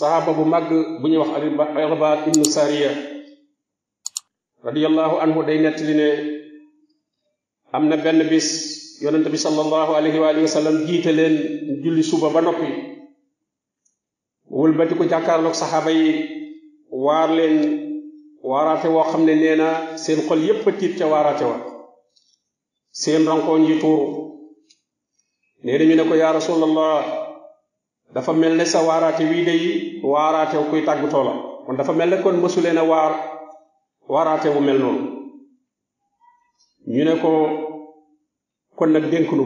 saxaaba bu màgg bu ñuy wax Irbaad ibnu Sariya radiyallahu anhu day nettali ne am na benn bis yonent bi sallallahu alayhi wa alihi wa sallam jiite leen julli suba ba noppi wëlbati ko jàkkaarloog saxaaba yi waar leen waaraate woo xam ne nee seen xol yépp a tiit ca waaraate wa seen rankooñ yi tuuru nee na ko yaa rasulallah dafa mel ne sa waaraate wii day waaraate wu kuy tàggatoo la kon dafa mel ne kon mësuleen a waar waaraate wu mel noonu ñu ne ko kon nag dénk nu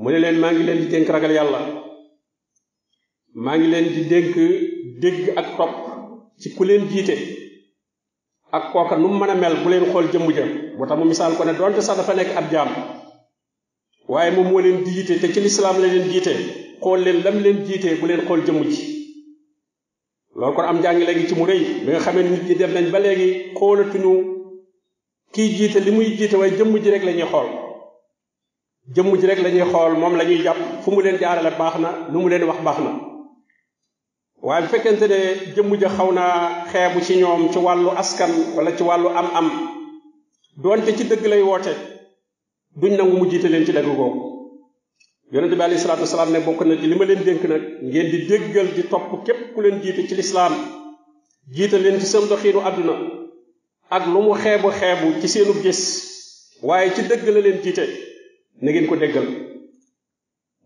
mu ne leen maa ngi leen di dénk ragal yàlla maa ngi leen di dénk dégg ak topp ci leen jiite ak kooka nu mu mën a mel bu leen xool jëmm ja moo tax misaal ko ne doonte sax dafa nekk ab jaam waaye moom moo leen jiite te ci lislaam la leen jiite xool leen lam leen jiitee bu leen xool jëmm ji loolu kon am njàngi léegi ci mu rëy bi nga xamee nit ñi dem nañ ba léegi xoolatuñu kiy jiite li muy jiite waaye jëmm ji rek la ñuy xool jëmm ji rek la ñuy xool moom la ñuy jàpp fu mu leen jaarale baax na nu mu leen wax baax na waaye bu fekkente ne jëmm ja xaw naa xeebu ci ñoom ci wàllu askan wala ci wàllu am-am doonte ci dëgg lay woote duñ nangu mu jiite leen ci dëgg googu yonente bi alayhi salaatu wasalaam ne bokk na ci li ma leen dénk nag ngeen di déggal di topp képp ku leen jiite ci lislaam jiite leen ci seen doxiinu àdduna ak lu mu xeebu xeebu ci seenu gis waaye ci dëgg la leen jiite na ngeen ko déggal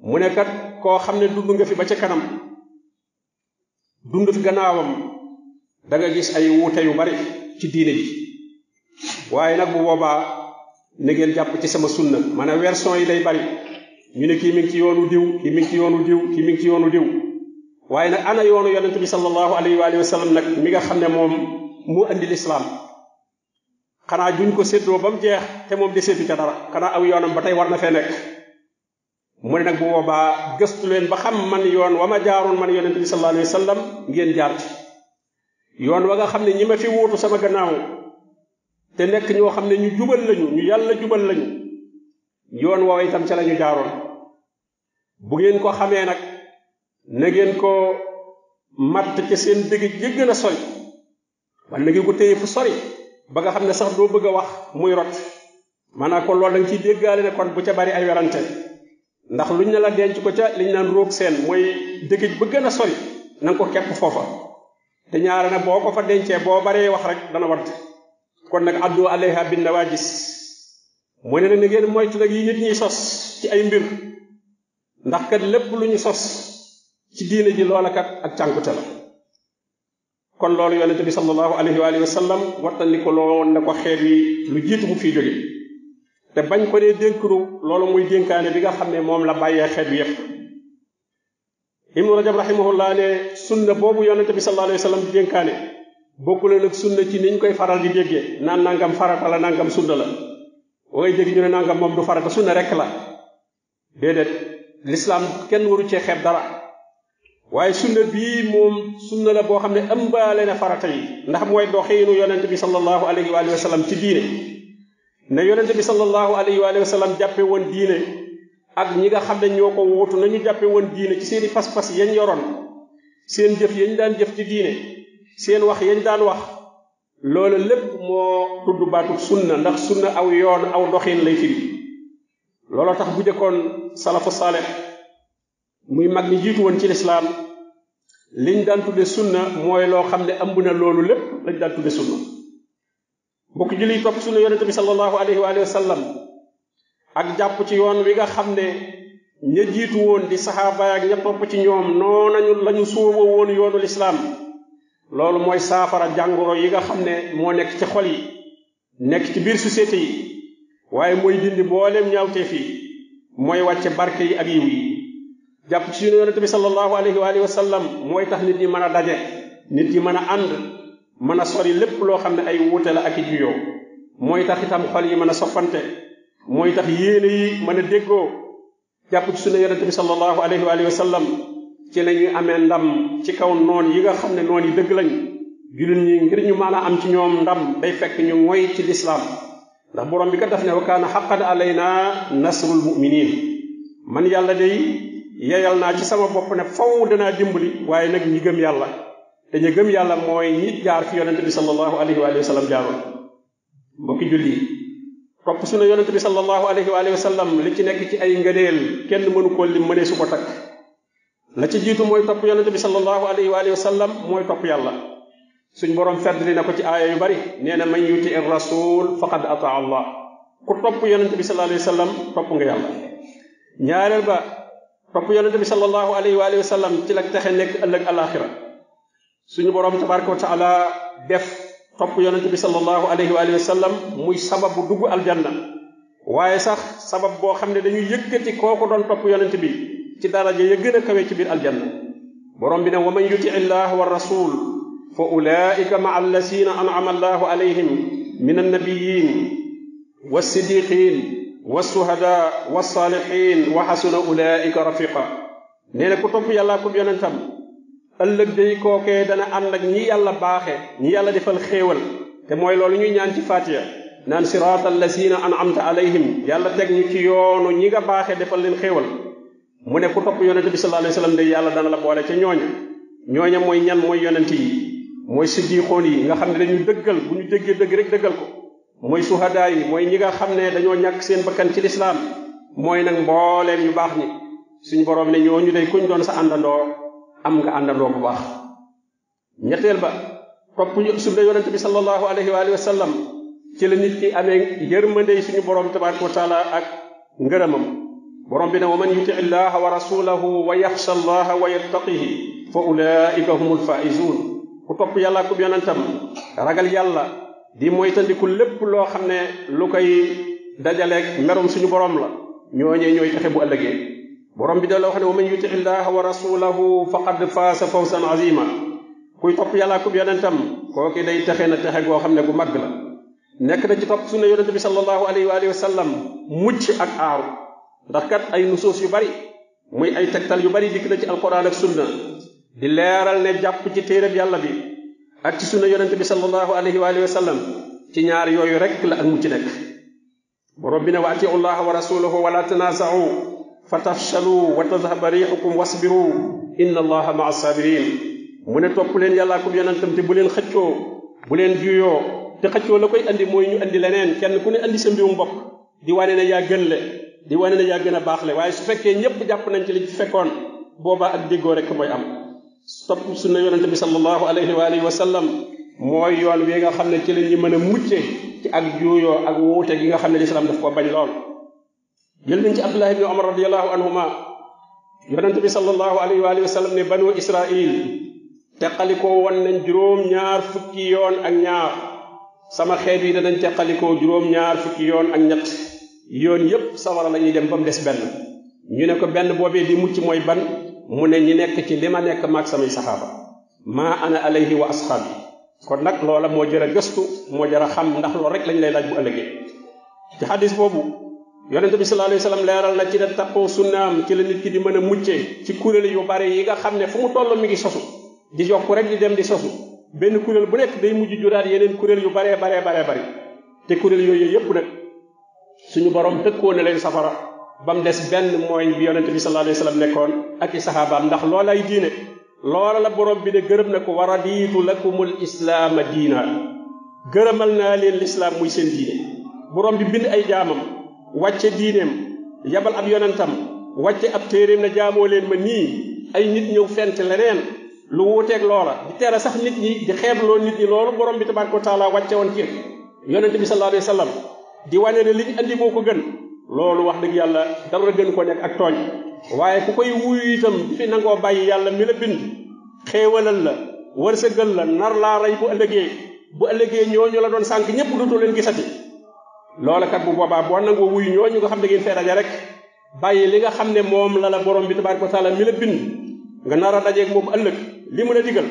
mu ne kat koo xam ne dund nga fi ba ca kanam dund fi gannaawam danga gis ay wuute yu bari ci diine ji waaye nag bu boobaa na ngeen jàpp ci sama sunna maanaam werson yi day bari ñu ne kii mi ngi ci yoonu diw kii mi ngi ci yoonu diw kii mi ngi ci yoonu diw waaye nag ana yoonu yonent bi sallallahu alayhi wa sallam nag mi nga xam ne moom moo andi lislaam xanaa juñ ko séddoo ba mu jeex te moom di séddu ca dara xanaa aw yoonam ba tey war na fee nekk mu ne nag bu boobaa gëstu leen ba xam man yoon wa ma jaaroon man yonent bi sallallahu alayhi wa sallam ngeen jaar ci yoon wa nga xam ne ñi ma fi wuutu sama gannaaw te nekk ñoo xam ne ñu jubal lañu ñu yàlla jubal lañu yoon woowa itam ca la ñu jaaroon bu ngeen ko xamee nag na ngeen ko matt ca seen dëgg ji gën a sori wala na ko téye fu sori ba nga xam ne sax doo bëgg a wax muy rot maanaam ko loolu da ciy déggaale ne kon bu ca bari ay werante ndax luñ ne la denc ko ca liñ naan roog seen mooy dëgg ba gën a sori na ko kepp foofa te ñaare na boo ko fa dencee boo baree wax rek dana wadd kon nag addu alayha bin nawaajis mu ne na ngeen moytu nag yi nit ñiy sos ci ay mbir ndax kat lépp lu ñu sos ci diine ji loola kat ak cànkute la kon loolu yonente bi sallallahu alayhi wa sallam wattandi ko loon na ko xeet yi lu jiitu mu fii jóge te bañ ko dénk dénkru loolu muy dénkaane bi nga xam ne moom la bàyyee xeet bi yépp ibnu rajab rahimahullah ne sunna boobu yonente bi sallallahu alayhi wa sallam di dénkaane bokkule nag sunna ci niñ koy faral di déggee naan nangam farata la nangam sunna la wooy dégg ñu ne nangam moom du farata sunna rekk la l'islam kenn waru cee xeeb dara waaye sunna bii moom sunna la boo xam ne ëmbaale na farata yi ndax mooy doxiinu yonente bi sallallahu alayhi wa sallam ci diine ne yonente bi sallallahu alayhi wa sallam jàppe woon diine ak ñi nga xam ne ñoo nañu jàppe woon diine ci seeni fas-fas yañ yoroon seen jëf yañ daan jëf ci diine seen wax yañ daan wax loolu lépp moo tudd baatu sunna ndax sunna aw yoon aw doxiin lay firi looloo tax bu jëkkoon salafu saaleh muy mag ñi jiitu woon ci lislaam liñ daan de sunna mooy loo xam ne ëmb na loolu lépp lañ daan tudde sunna mbokk julli topp sunna yonente bi sallallahu alayhi wa sallam ak jàpp ci yoon wi nga xam ne ña jiitu woon di saxaaba ak ña topp ci ñoom noonañu lañu sóoba woon yoonu lislaam loolu mooy saafara jàngoro yi nga xam ne moo nekk ci xol yi nekk ci biir société yi waaye mooy dindi mboolem ñaawteef yi mooy wàcce barke yi ak yiw yi jàpp ci sunu yonente bi sallallahu alayhi wa alihi wa sallam mooy tax nit ñi mën a daje nit ñi mën a ànd mën a sori lépp loo xam ne ay wuute la ak i juyoo mooy tax itam xol yi mën a soppante mooy tax yéene yi mën a déggoo jàpp ci sunu yonente bi sallallahu alayhi wa alihi wa sallam ci la ñuy amee ndam ci kaw noon yi nga xam ne noon yi dëgg lañ jullit ñi ngir ñu mën a am ci ñoom ndam day fekk ñu moy ci lislaam ndax boroom bi ka daf ne wa kaana xaqan alaynaa nasrul muminin man yàlla day yeyal naa ci sama bopp ne faw danaa dimbali waaye nag ñi gëm yàlla te ñu gëm yàlla mooy ñi jaar fi yonente bi sallallahu alayhi wa sallam jaaroon mbokki julli topp su ne yonente bi sallallahu alayhi wa sallam li ci nekk ci ay ngëneel kenn mënu ko lim mënee su ko takk la ci jiitu mooy topp yonente bi sallallahu alayhi wa sallam mooy topp yàlla suñ borom ferdli nako ci aya yu bari neena na man yuti ar rasul faqad ata allah ku top yonnte bi sallallahu alayhi wasallam top nga yàlla ñaareel ba top yonnte bi sallallahu alayhi wa alihi wa sallam ci taxe nek ëlëk al-akhirah suñu borom tabaraka taala def top yonnte bi sallallahu alayhi wa alihi wa sallam muy sababu duggu al-janna waye sax sabab bo xamne dañuy yëkëti koku don top yonnte bi ci daraaje ye gëna kawe ci bir al-janna borom bi ne waman man yuti illah wa rasul فأولئك مع الذين أنعم الله عليهم من النبيين والصديقين والشهداء والصالحين وحسن أولئك رفيقا نينا كتب يا الله كم ينتم ألق دي كوكي دانا أنك ني الله باخي ني الله دي فالخيول تموي لول ني نيان تي فاتيا نان صراط الذين أنعمت عليهم يالا الله تك ني تي يونو نيغا باخي دي فالين خيول مو نكو تب ينتم صلى الله عليه وسلم دي يا الله دانا لبوالي تي نيوني نيوني موي نيان موي ينتم mooy siddiqoon yi nga xam ne dañuy dëggal bu ñu déggee dëgg rek dëggal ko mooy suhadaa yi mooy ñi nga xam ne dañoo ñàkk seen bakkan ci lislaam mooy nag mbooleem ñu baax ñi suñ boroom ne ñu day kuñ doon sa àndandoo am nga àndandoo bu baax ñetteel ba topp ñu sunna yonente bi sallallahu alayhi wa alihi wa sallam ci la nit ki amee yërmande yi suñu boroom tabaraka wa taala ak ngërëmam borom bi ne wa man yuti illaha wa rasulahu wa yaxsha allaha wa yattaqihi fa ulaika humul faizun ku top yàlla ku yonentam ragal yàlla di ku lépp lo xamne lu koy ak merum suñu borom la ñoñe ñoy texe bu ëllëgé borom bi da la wax wa man yuti illaha wa rasulahu faqad faasa fawsan azima kuy top yàlla ku yonentam ki day taxé na taxé go xamne gu mag la nek na ci top sunna yonent bi sallallahu alayhi wa alihi wa sallam mucc ak aaru ndax kat ay nusuus yu bari muy ay tektal yu bari dik na ci alquran ak sunna di leeral ne jàpp ci téere bi yàlla bi ak ci sunna yonente bi sallallahu alayhi wa sallam ci ñaar yooyu rek la ak ci nekk borom bi ne wa atiu llaha wa rasulahu wala tanaasaru fa tafshalu wa tadhaba rixukum wasbiru inna allaha maa sabirin mu ne topp leen yàllaa ko yonentam te bu leen xëccoo bu leen juyoo te xëccoo la koy andi mooy ñu andi leneen kenn ku ne andi sa mbirum bopp di wane ne yaa gën le di wane ne yaa gën a baax le waaye su fekkee ñépp jàpp nañ ci li ci fekkoon boobaa ak déggoo rek mooy am topp sunna yonente bi sallallahu alayhi wa alihi wa sallam mooy yoon wi nga xam ne ci la ñu mën a mucce ci ak juuyoo ak wuute gi nga xam ne lislaam daf ko bañ lool jël nañ ci abdullah ibni omar radiallahu anhuma yonente bi sallallahu alayhi wa alihi wa sallam ne banu israil teqalikoo woon nañ juróom-ñaar fukki yoon ak ñaar sama xeet yi danañ teqalikoo juróom-ñaar fukki yoon ak ñett yoon yépp sawara la ñuy dem ba mu des benn ñu ne ko benn boobee di mucc mooy ban mu ne ñi nekk ci li ma nekk maag samay saxaaba maa ana alayhi wa asxaabi kon nag loola moo jër gëstu moo jër a xam ndax loolu rek lañ lay laaj bu ëllëgee ci xadis boobu yonente bi sallallahu alayhi wasallam leeral na ci ne taqoo sunnaam ci la nit ki di mën a muccee ci kuréel yu bari yi nga xam ne fu mu toll mi ngi sosu di yokk rek di dem di sosu benn kuréel bu nekk day mujj juraat yeneen kuréel yu baree baree baree bari te kuréel yooyu yëpp nag suñu borom tëkkoo ne leen safara Bam dess ben moy bi yonente bi sallallahu alayhi wasallam nekkon ak i saxaabaam ndax lolay diine lolay la borom bi de geureum na waraditu lakumul islam diina geureumal na len l'islam muy sen diine borom bi bind ay jaamam wacce diinem yabal ab yonentam wacce ab terem na jaamo len ma ni ay nit ñëw fent leneen lu ak lola di tere sax nit ñi di xeebloo nit ñi lolu borom bi tabaraka taala wacce won ci yonente bi sallallahu alayhi wasallam di wane ne liñ andi moo gën loolu wax dëgg yàlla dara gën ko nekk ak tooñ waaye ku koy wuyu itam di fi nangoo bàyyi yàlla mi la bind xéewalal la wërsëgal la nar laa rey bu ëllëgee bu ëllëgee ñooñu la doon sànq ñëpp dootu leen gisati loola kat bu boobaa boo nangoo wuyu ñooñu nga xam ne ngeen fee daje rek bàyyi li nga xam ne moom la la borom bi tabaaraka ko taala mi la bind nga nar a dajeeg moom ëllëg li mu la digal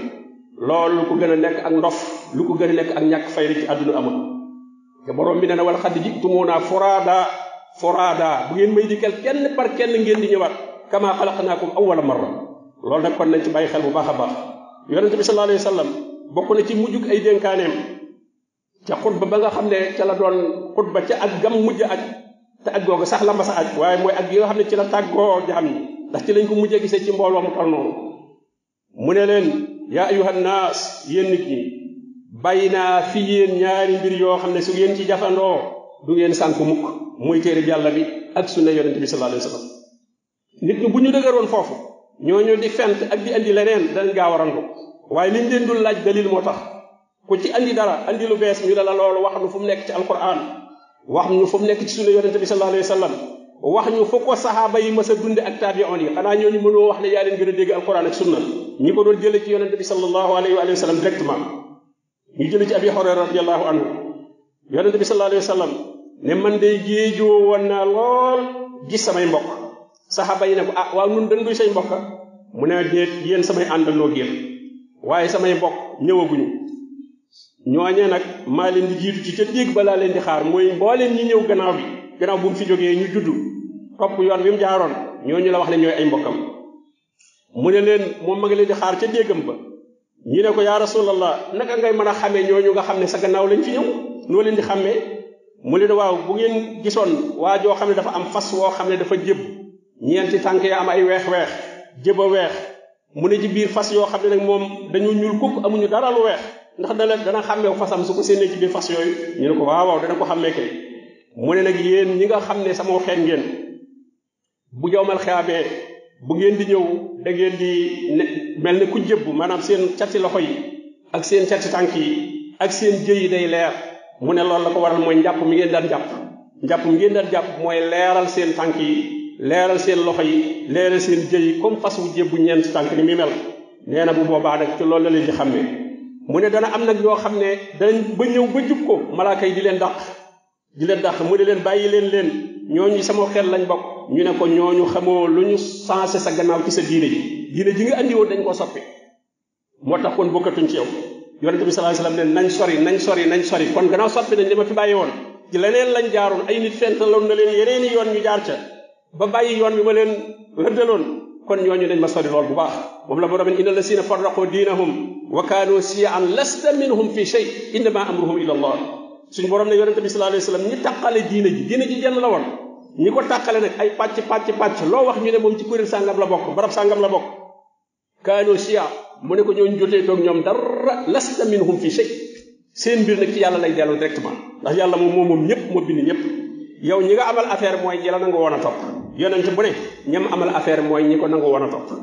lool lu ko gën a nekk ak ndof lu ko gën a nekk ak ñàkk fayda ci àdduna amul forada bu ngeen may dikel kenn par kenn ngeen di ñëwaat kama khalaqnakum awwala marra loolu nak kon nañ ci bàyyi xel bu baax a baax yonente bi sallallahu alayhi wasallam bokku na ci mujjuk ay dénkaaneem ca xutba ba nga xam ne ca la doon xutba ca ak gam mujj aj te ak googu sax la masa aj waaye mooy ak yi nga xam ne ci la tàggoo jaam ñi ndax ci lañ ko mujjee gisee ci mbooloo mu tol noonu mu ne leen ya ayuha naas yéen nit ñi bàyyi naa fi yéen ñaari mbir yoo xam ne su ngeen ci jafandoo du ngeen sànku mukk muy téere yàlla bi ak sunna yonente bi sallallahu alayhi wa sallam nit ñi bu ñu dëgëroon foofu ñooñu di fent ak di andi leneen dañ gaaw a randu waaye liñ leen dul laaj moo tax ku ci andi dara andi lu bees ñu la la loolu wax nu fu mu nekk ci alquran wax ñu fu mu nekk ci sunna yonente bi sallallahu alayhi wa sallam wax ñu fu ko saxaaba yi a dunde ak taabion yi xanaa ñooñu mënoo wax ne yaa leen gën a dégg alquran ak sunna ñi ko doon jële ci yonente bi sallallahu alayhi yaron nabi sallallahu alaihi wasallam ne man day jéejoo wonna lol gis samay mbokk sahaba yi ne ko ah mun dañ dënduy say mbokk mu ne déet yéen samay àndandoo géen waye samay mbokk ñewaguñu ñoñe nak ma leen di jitu ci ca deg ba laa leen di xaar mooy mbooleem ñi ñew gannaaw bi gannaaw bu mu fi joge ñu juddu top yoon bi mu jaaroon ñoñu la wax leen ñoy ay mbokkam mu ne leen moom ma nga leen di xaar ci degam ba ñu ne ko yaa rasulallah naka ngay mën a xame ñooñu nga xam ne sa gannaaw lañ fi ñëw noo leen di xàmmee mu leen waaw bu ngeen gisoon waa joo xam ne dafa am fas woo xam ne dafa jëb ñeenti tànk ya am ay weex-weex jëb a weex mu ne ci biir fas yoo xam ne nag moom dañu ñuul kukk amuñu dara lu weex ndax dala dana xàmmee fasam su ko séenee ci fas yooyu ñu ne ko waaw waaw dana ko xàmmee kay mu ne nag yéen ñi nga xam ne sama xeet ngeen bu jowmal xeabee bu ngeen di ñëw da ngeen di ne mel ne ku jëbb maanaam seen cati loxo yi ak seen cati tànk yi ak seen jë day leer mu ne loolu la ko waral mooy njàpp mi ngeen daan jàpp njàpp mi ngeen daan jàpp mooy leeral seen tànk yi leeral seen loxo yi leeral seen jëy yi comme fas wu jëbbu ñeent tànk ni muy mel nee na bu boobaa nag ci loolu la leen di xam ne mu ne dana am nag ñoo xam ne danañ ba ñëw ba jub ko malaaka yi di leen daq di leen daq mu ne leen bàyyi leen leen ñooñu sama xel lañ bokk ñu ne ko ñooñu xamoo lu ñu sensé sa gannaaw ci sa diine ji diine ji nga andi woon dañ ko soppi moo tax kon bokkatuñ ci yow yonente bi sallallahu alayhi ne nañ sori nañ sori nañ sori kon gannaaw soppi nañ li ma fi bàyyi woon ci leneen lañ jaaroon ay nit fentaloon na leen yeneen i yoon ñu jaar ca ba bàyyi yoon bi ma leen rëddaloon kon ñooñu dañ ma sori lool bu baax moom la borom inna allasina farraqu diinahum wa kaanu siyaan lasta minhum fi shay innama amruhum ila allah suñ borom ne yonente bi sallallahu alayhi ñi taqale diine ji diine ji jenn la woon ni ko takale nak ay patch patch patch lo wax ñu ne mom ci kuréel sangam la bok barap sangam la bok kanu siya mu ne ko ñooñ jotté tok ñom dar lasta minhum fi shay seen bir nak ci yalla lay delu directement ndax yalla mom mom ñep mo bind ñep yow ñi nga amal affaire moy ñi la nangu woon a yonent bu ne ñam amal affaire moy ñi ko nga wona top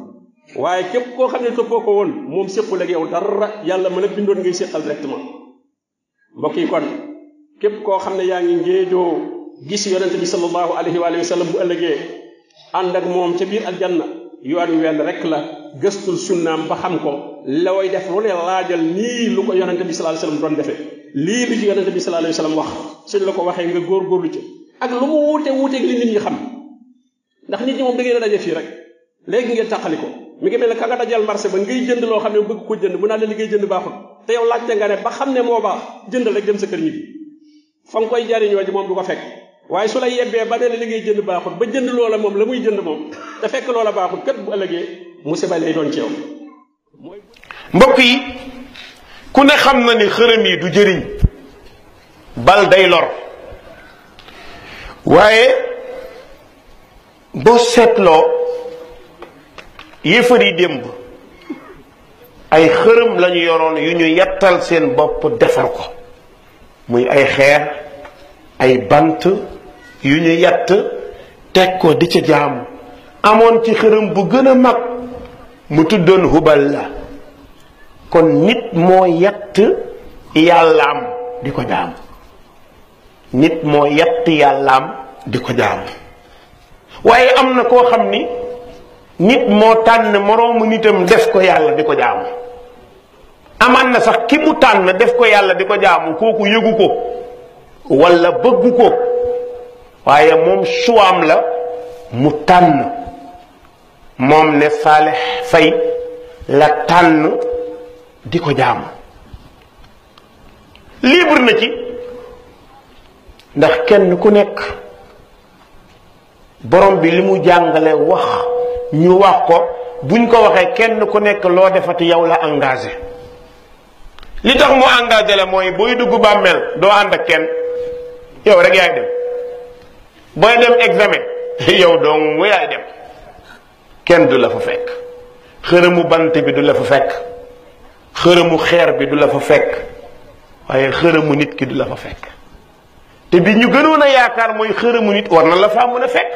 waye kep ko xamne to boko won ko seppul ak yow dar yalla mala bindon ngay sekkal directement mbokk yi kon kep ko xamne yaangi yaa gis yonent bi sallallahu alayhi wa sallam bu ëllëgee ànd ak moom ca biir aljanna yoon wenn rek la gëstul sunnaam ba xam ko looy def lu ne laajal nii lu ko yonent bi sallallahu alayhi wa sallam doon defee lii lu ci yonent bi sallallahu alayhi wa sallam wax suñ la ko waxee nga góorgóorlu ci ak lu mu wuute wuuteeg li nit ñi xam ndax nit ñi moom da ngeen a daje fii rek léegi ngeen tàqali ko mu ngi mel ne ka nga dajal marché ba ngay jënd loo xam ne bëgg ko jënd bu naa leen li ngay jënd baaxul te yow nga ba xam ne moo baax jëndal rek dem sa kër ñibbi fa nga koy jariñoo ji moom du ko fekk waaye su la yebbee ba ne li ngay jënd baaxut ba jënd loola moom la muy jënd moom te fekk loola baaxut kat bu ëllëgee musiba lay doon ci yow mbokk yi ku ne xam na ni xërëm yi du jëriñ bal day lor waaye boo seetloo yéefar yi démb ay xërëm lañu yoroon yu ñu yattal seen bopp defar ko muy ay xeer ay bant yu ñu yett teg ko di ca jaamu amoon ci xërëm bu gën a mag mu tuddoon hubal la kon nit moo yett yàllaam di ko jaam nit moo yett yàllaam di ko jaam waaye am na koo xam ni nit moo tànn moroomu nitam def ko yàlla di ko jaamu amaan na sax ki mu tànn def ko yàlla di ko jaamu kooku yëgu ko walla bëggu ko waaye moom suwaam la mu tànn moom ne Saalix Fay la tànn di ko jaamu libre na ci ndax kenn ku nekk borom bi li mu jàngale wax ñu wax ko buñ ko waxee kenn ku nekk loo defati yow la engagé li tax mu engagé la mooy booy dugg bàmmeel doo ànd ak kenn yow rek yaay dem booy dem examen yow dong yaay dem kenn du la fa fekk xërëmu bant bi du la fa fekk xërëmu xeer bi du la fa fekk waaye xërëmu nit ki du la fa fekk te bi ñu gënoon a yaakaar mooy xërëmu nit war na la faa mën a fekk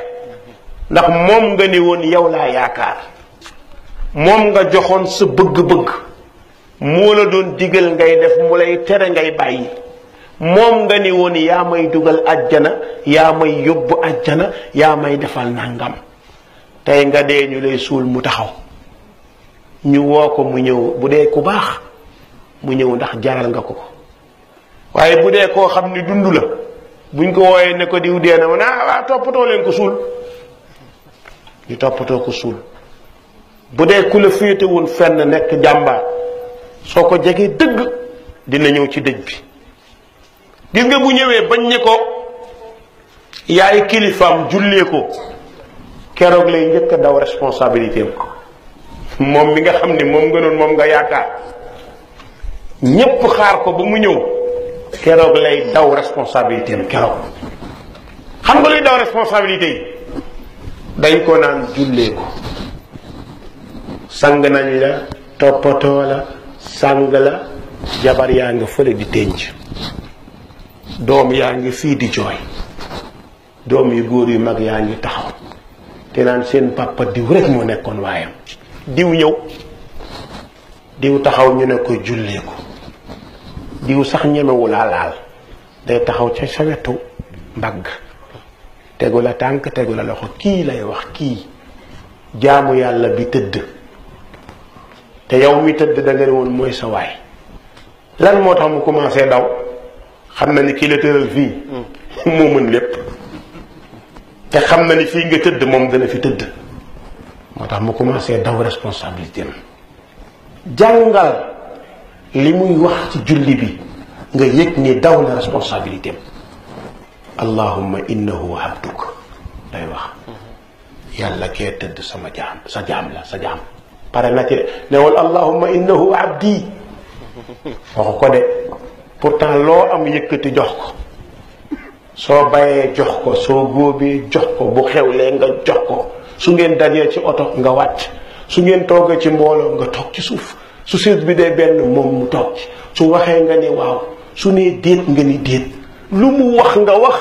ndax moom nga ne woon yow laa yaakaar moom nga joxoon sa bëgg-bëgg moo la doon digal ngay def mu lay tere ngay bàyyi moom nga ni woon yaa may dugal ajjana yaa may yóbbu ajjana yaa may defal nangam tey nga dee ñu lay suul mu taxaw ñu woo ko mu ñëw bu dee ku baax mu ñëw ndax jaral nga ko ko waaye bu dee koo xam ni dund la buñ ko wooyee ne ko diw dee na ma ah toppatoo leen ko suul ñu toppatoo ko suul bu dee ku la féete woon fenn nekk jàmbaar soo ko jegee dëgg dina ñëw ci dëj bi gis nga bu ñëwee bañ ne ko yaay kilifaam jullee ko keroog lay njëkk a daw responsabilité am moom mi nga xam ni moom nga moom nga yaakaar ñépp xaar ko ba mu ñëw keroog lay daw responsabilité am keroog xam nga luy daw responsabilité yi dañ ko naan jullee ko sang nañ la toppatoo la sang la jabar yaa nga fële di tënj doom yaa ngi fii di jooy doom yu góor yu mag yaa ngi taxaw te naan seen papa diw rek moo nekkoon waayam diw ñëw diw taxaw ñu ne ko julleeku diw sax ñemewu laa laal day taxaw ca sa wetu mbagg tegu la tànk tegu la loxo kii lay wax kii jaamu yàlla bi tëdd te yow mi tëdd da ne woon mooy sa waay lan moo tax mu commencé daw xamnañ ki la teural fi mo mën lépp te xamnañ fi nga teud mom dana fi teud motax mu commencé daw responsabilité jàngal li muy wax ci julli bi nga yek ni daw na responsabilité allahumma innahu abduk day wax yàlla ke teud sama jam sa jam la sa jam pare na ci newol allahumma innahu abdi waxu ko de pourtant loo am yëkkati jox ko soo bayee jox ko soo góobee jox ko bu xewlee nga jox ko su ngeen dajee ci oto nga wàcc su ngeen toogee ci mbooloo nga toog ci suuf su seet bi dee benn moom mu toog ci su waxee nga ni waaw su nee déet nga ni déet lu mu wax nga wax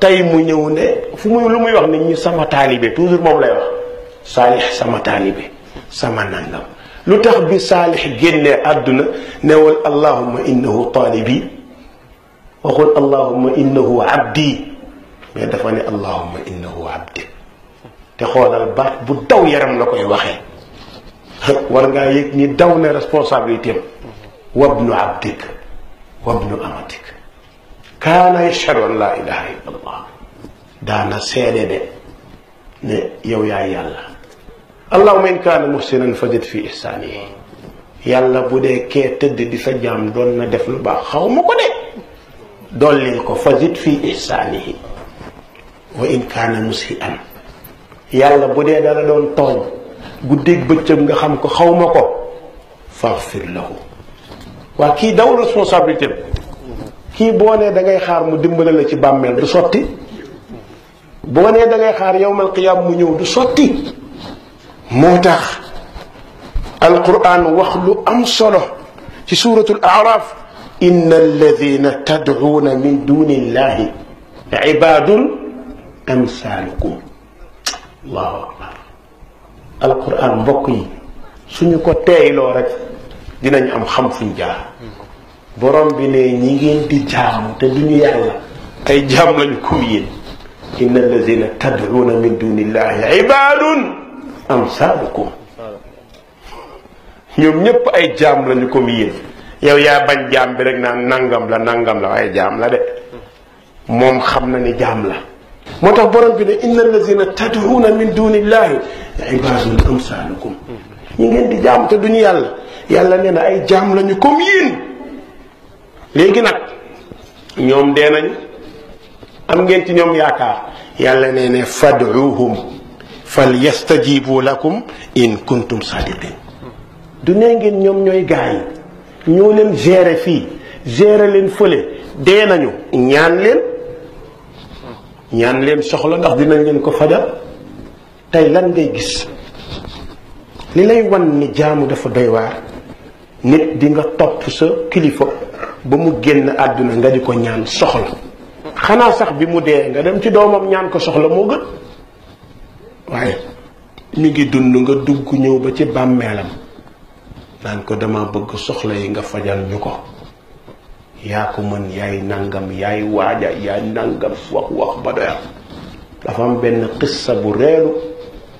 tey mu ñëw ne fu mu lu muy wax nit ñi sama taalibe toujours moom lay wax saalix sama taalibe sama nangam لتخ صالح جنة عدنا نول اللهم إنه طالبي وقل اللهم إنه عبدي يدفعني اللهم إنه عبدي تخول البعض بدو يرم لكو يوخي ورغا يكني دون رسپونسابلتي وابن عبدك وابن أمتك كان يشهد أن لا إله إلا الله دانا سيدي ني يو يا الله allahuma in kaana muhsinan fajid fi ihsaanihi yàlla bu dee kee tëdd di sa jaam doon na def lu baax xaw ma ko de dollil ko fajid fi ihsaanihi wa in kaana musian yàlla bu dee dala doon tooñ guddeeg bëccëg nga xam ko xaw ma ko faghfir lahu waa kii daw responsabilité kii boo nee da ngay xaar mu dimbale la ci bàmmeel du sotti boo nee da ngay xaar yowmal qiyaam mu ñëw du sotti موتاخ القران وخلو ام صلو في سوره الاعراف ان الذين تدعون من دون الله عباد امثالكم الله اكبر القران بقي سني كو تايلو رك دينا ام خم فين جا بروم بي ني نيغي دي جام تا دي ني يالا اي جام لا ان الذين تدعون من دون الله عباد amsaalukum ñoom ñépp ay jaam lañu comme yéen yow yaa bañ jaam bi rek naan nangam la nangam la waaye jaam la de moom xam na ni jaam la moo tax borom bi ne inna allazina tad'uuna min dunillahi ibadun amsalukum ñi ngeen di duñu yàlla yàlla nee na ay jaam lañu comme yéen léegi nag ñoom dee nañ am ngeen ci ñoom yaakaar yàlla nee ne fad'uuhum fal yastajibu lakum in kuntum sadiqin du nee ngeen ñoom ñooy gaay yi ñoo leen gérer fii gérer leen fële dee nañu ñaan leen ñaan leen soxla ndax dinañ leen ko fajal tey lan ngay gis li lay wan ni jaamu dafa doy waar nit di nga topp sa kilifa ba mu génn àdduna nga di ko ñaan soxla xanaa sax bi mu dee nga dem ci doomam ñaan ko soxla moo gën waaye mi ngi dund nga dugg ñëw ba ci bàmmeelam naan ko dama bëgg soxla yi nga fajal ñu ko yaa ko mën yaay nangam yaay waaja yaay nangam wax wax ba doyal dafa am benn xissa bu reelu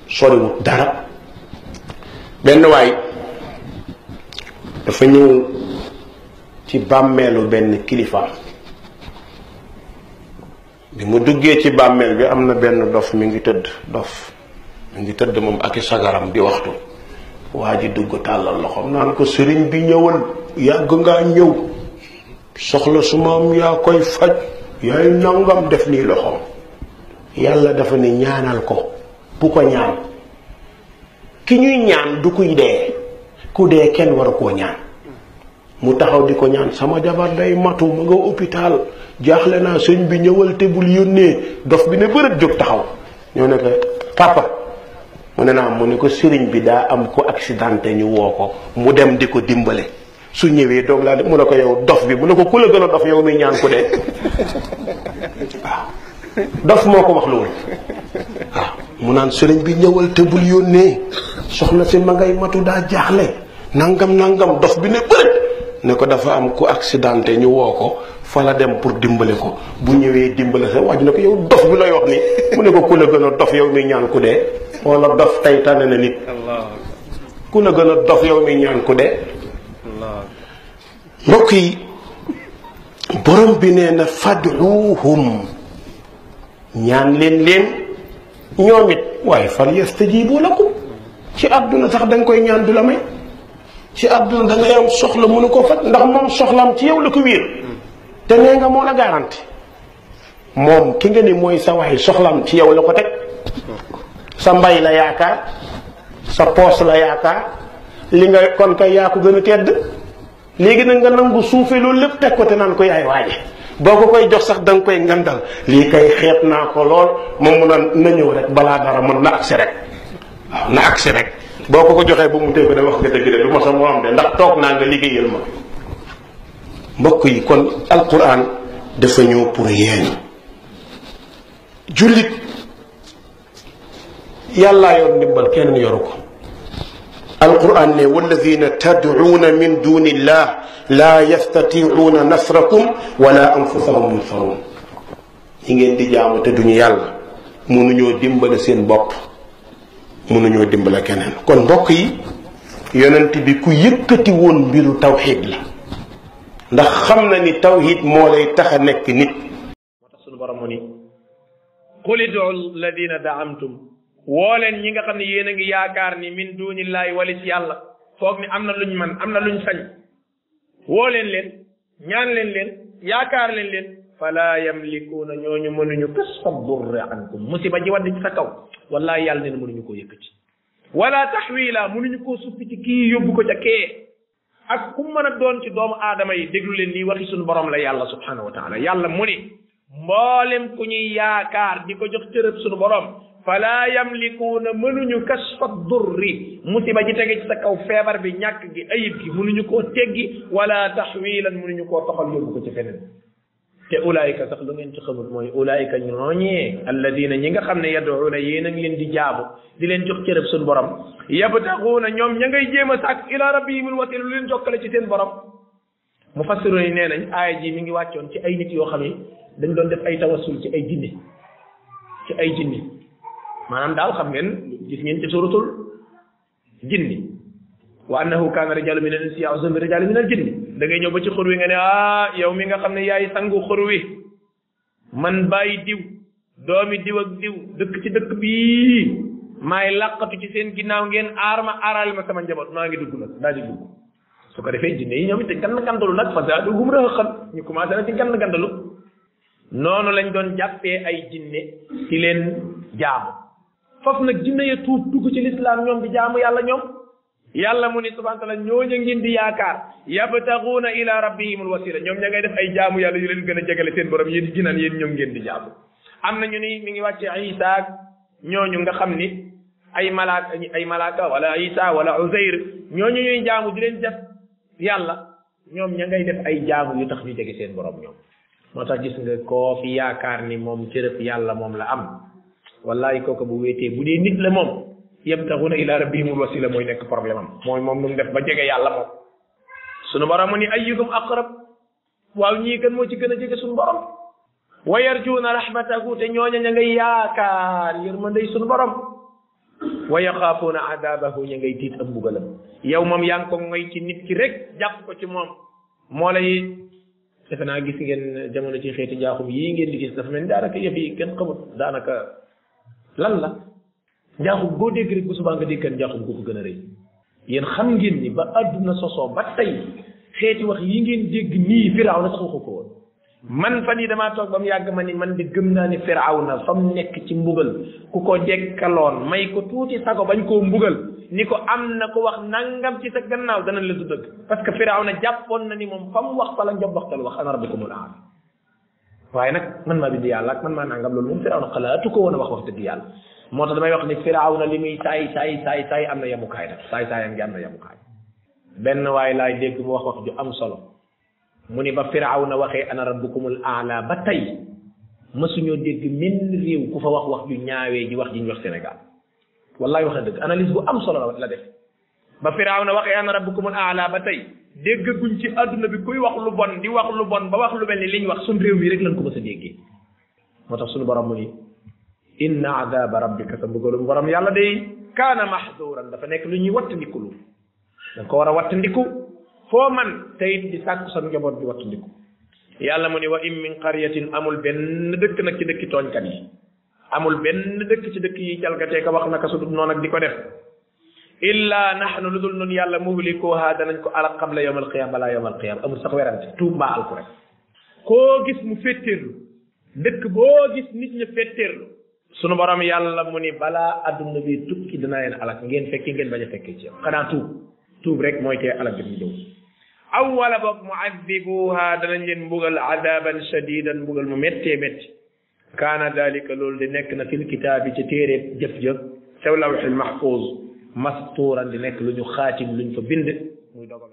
soriwut dara benn waay dafa ñëw ci bàmmeelu benn kilifa bi mu duggee ci bàmmeel bi am na benn dof mi ngi tëdd dof mi ngi tëdd moom ak sagaram di waxtu waa ji dugg tàllal loxoom naan ko sëriñ bi ñëwal yàgg ngaa ñëw soxla su moom yaa koy faj yaay nangam def nii loxoom yàlla dafa ni ñaanal ko bu ko ñaan ki ñuy ñaan du kuy dee ku dee kenn war koo ñaan mu taxaw di ko ñaan sama jabar day matu ma nga hôpital jaaxle naa sëñ bi ñëwal te bul yónnee dof bi ne bërët jóg taxaw ñoo ne ko papa mu ne naa mu ne ko sëriñ bi daa am ko accidenté ñu woo ko mu dem di ko dimbale su ñëwee doog laa mu ne ko yow dof bi mu ne ko ku la gën a dof yow mi ñaan ko de dof moo ko wax loolu waaw mu naan sëriñ bi ñëwal te bul yónnee soxna si ma ngay matu daa jaaxle nangam nangam dof bi ne bërët ne ko dafa am ku accidenté ñu woo ko fa la dem pour dimbali ko bu ñëwee dimbale sa waaju ne ko yow dof bi lay wax ni mu ne ko ku la gën a dof yow mi ñaan ku dee wala dof tey tànn na nit ku la gën a dof yow mi ñaan ku dee yi borom bi nee na fad'uuhum ñaan leen leen ñoom it waaye fal yastajibu lakum ci àdduna sax danga koy ñaan du la may ci àdduna da ngay am soxla mënu ko faj ndax moom soxlaam ci yow la ko wéer te nee nga moo la garanti moom ki nga ne mooy sa waay soxlaam ci yow la ko teg sa mbay la yaakaar sa poos la yaakaar li nga kon kay yaa ko gën a tedd léegi nag nga nangu suufee loolu lépp teg ko te naan ko yaay waaje boo ko koy jox sax da nga koy ngandal lii kay xeet naa ko lool moom mu naan na ñëw rek balaa dara mën na agsi rek na agsi rek boo ko ko joxee ba mu dégg wax ko dégg de du ma sax moo am de ndax toog naa nga liggéeyal ma mbokk yi kon alquran dafa ñëw pour yéen jullit yàllaa yor ndimbal kenn yoru ko alquran ne walladina tad'uuna min duni illah laa yastatiuuna nasrakum wala anfusahum yansaruun ñi ngeen duñu yàlla mënuñoo dimbale seen bopp mënuñoo dimbale keneen kon mbokk yi yonent bi ku yëkkati woon mbiru tawxiid la ndax xam na ni tawxiid moo lay tax a nekk nit moo tax suñu borom mu ni qul id'u lladina daamtum woo leen ñi nga xam ne yéen a ngi yaakaar ni min dunillahi walis yàlla foog ni am na luñ man am na luñ sañ woo leen leen ñaan leen leen yaakaar leen leen fala yamlikuuna ñooñu mënuñu kasfa durri ankum musiba ji wadd ci sa kaw wallahi yàlla neen mënuñu koo yëkkati wala taxwiila mënuñu koo suppi ci kii yóbbu ko ca kee ak ku mën a doon ci doomu aadama yi déglu leen nii waxi suñu borom la yàlla subhanahu wa taala yàlla mu ni mboolem ku ñuy yaakaar di ko jox cërëb suñu borom fala yamlikuuna mënuñu kasfa durri musiba ji tege ci sa kaw feebar bi ñàkk gi ayib gi mënuñu koo teggi wala taxwiilan mënuñu koo toxal yóbbu ko ci feneen te ulaayika sax lu ngeen ci xamul mooy ulaayika ñooñee alladina ñi nga xam ne yaduuna yéen a ngi leen di jaabo di leen jox cërëb suñu borom yabtaxuuna ñoom ña ngay jéem a sàkk ila rabbihimul wasiila lu leen jokkale ci seen borom mufassiru yi nee nañ aaya ji mi ngi wàccoon ci ay nit yoo xam ne dañ doon def ay tawassul ci ay jinne ci ay jinne maanaam daal xam ngeen gis ngeen ci suratul jinni wa annahu kaana rijalu min al insi ya'uzu bi da ngay ñëw ba ci xur wi nga ne ah yow mi nga xam ne yaay sangu xur wi man bàyyi diw doomi diw ak diw dëkk ci dëkk bii maay làqatu ci seen ginnaaw ngeen aar ma aaraal ma sama njaboot maa ngi dugg nag daa di dugg su ko defee jinne yi ñoom it gann ñu commencé na ci gann gandalu noonu lañ doon jàppee ay jinne ci leen jaamu foofu nag jinne ya tuub dugg ci lislaam ñoom di jaamu yàlla ñoom yàlla mu ni subhanahu wa ñoo ñooñu ngeen di yaakaar yabtaguuna ila rabbihimul wasila ñoom ña ngay def ay jaamu yàlla yu gën a jegale seen borom yéen ginaan yéen ñoom ngeen di am na ñu ni mi ngi wàcce Isa ñooñu nga xam ni ay malaaka ay malaaka wala Isa wala Uzayr ñooñu ñuy jaamu di leen def yàlla ñoom ña ngay def ay jaamu yu tax mi jege seen borom ñoom moo tax gis nga koo fi yaakaar ni moom cërëb yàlla moom la am wallahi kooku bu wéetee bu dee nit la moom yabtaxuna ila rabbihimul wasila mooy nekk problème mooy moom nu mu def ba jege yàlla moom sunu borom mu ni ayyukum aqrab waaw ñii kan moo ci gën a jege sunu borom wa yarjuuna rahmatahu te ñooña ña ngay yaakaar yërmandey sunu borom wa yaxaafuuna adabahu ña ngay tiit ak mbugalam yow moom yaa ko ngoy ci nit ki rek jàpp ko ci moom moo lay defe naa gis ngeen jamono ci xeeti njaaxum yii ngeen di gis dafa mel ni daanaka yëf yi kenn xamut daanaka lan la njaaxum boo dégg rek bu subaa nga dégg njaaxum ko ko gën a rëy yéen xam ngeen ni ba àdduna sosoo ba tey xeeti wax yi ngeen dégg nii Firawna na waxu ko woon man fan yi damaa toog ba mu yàgg ma ni man di gëm naa ni Firawna fa mu nekk ci mbugal ku ko dekkaloon may ko tuuti sago bañ koo mbugal ni ko am na ko wax nangam ci sa gannaaw danañ la dëgg parce que Firawna jàppoon na ni moom fa mu wax fa wax ana rabbukumul aala waaye nag man maa bind yàlla ak man maa nangam loolu moom Firawna xalaatu ko woon a wax wax dëgg yàlla motax damay wax ni firawna li muy tay tay tay saay am na yemukaay nag saay saayam gi am na yemukaay ben way lay deg mu wax wax ju am solo muni ni ba firawna waxe ana rabbukumul aala ba tey mësuñoo deg min rew ku fa wax wax ju ñaawé ji wax ji ñu wax sénégal wallahi wax deug analyse bu am solo la def ba firawna waxe ana rabbukum al a'la batay deg guñ ci aduna bi kuy wax lu bon di wax lu bon ba wax lu melni liñ wax suñ rew mi rek lañ ko mës déggé motax suñu borom mu ni inna adaba rabbika sa mbugalum borom yàlla day kaana mahduran dafa nekk lu ñuy wattandikulu da nga ko war a wattandiku foo man tey di sàkku sa njaboot di wattandiku yàlla mu ni wa in min qaryatin amul benn dëkk nag ci dëkki tooñkat yi amul benn dëkk ci dëkk yi jalgatee ka wax naka sudut noonu ak di ko def illa nahnu lu dul nun yàlla muhlikuha danañ ko alak qabla yawm alqiyama balaa yawm alqiyama amul sax werante tuub mbaa alku rek koo gis mu fetteerlu dëkk boo gis nit ña fetteerlu sunu borom yàlla mu ni balaa adduna bi tukki dinaa leen alak ngeen fekki ngeen bañ a fekkee ci xanaa tuub tuub rek mooy tee alak bi mu ñëw aw wala boog muadibuha danañ leen mbugal adaban shadidan mbugal mu méttee métti kaana dalika loolu di nekk na fil kitaabi ci téeréet jëf jëf sew lawxil mahfuz mastuuran di nekk lu ñu xaatim lu ñu fa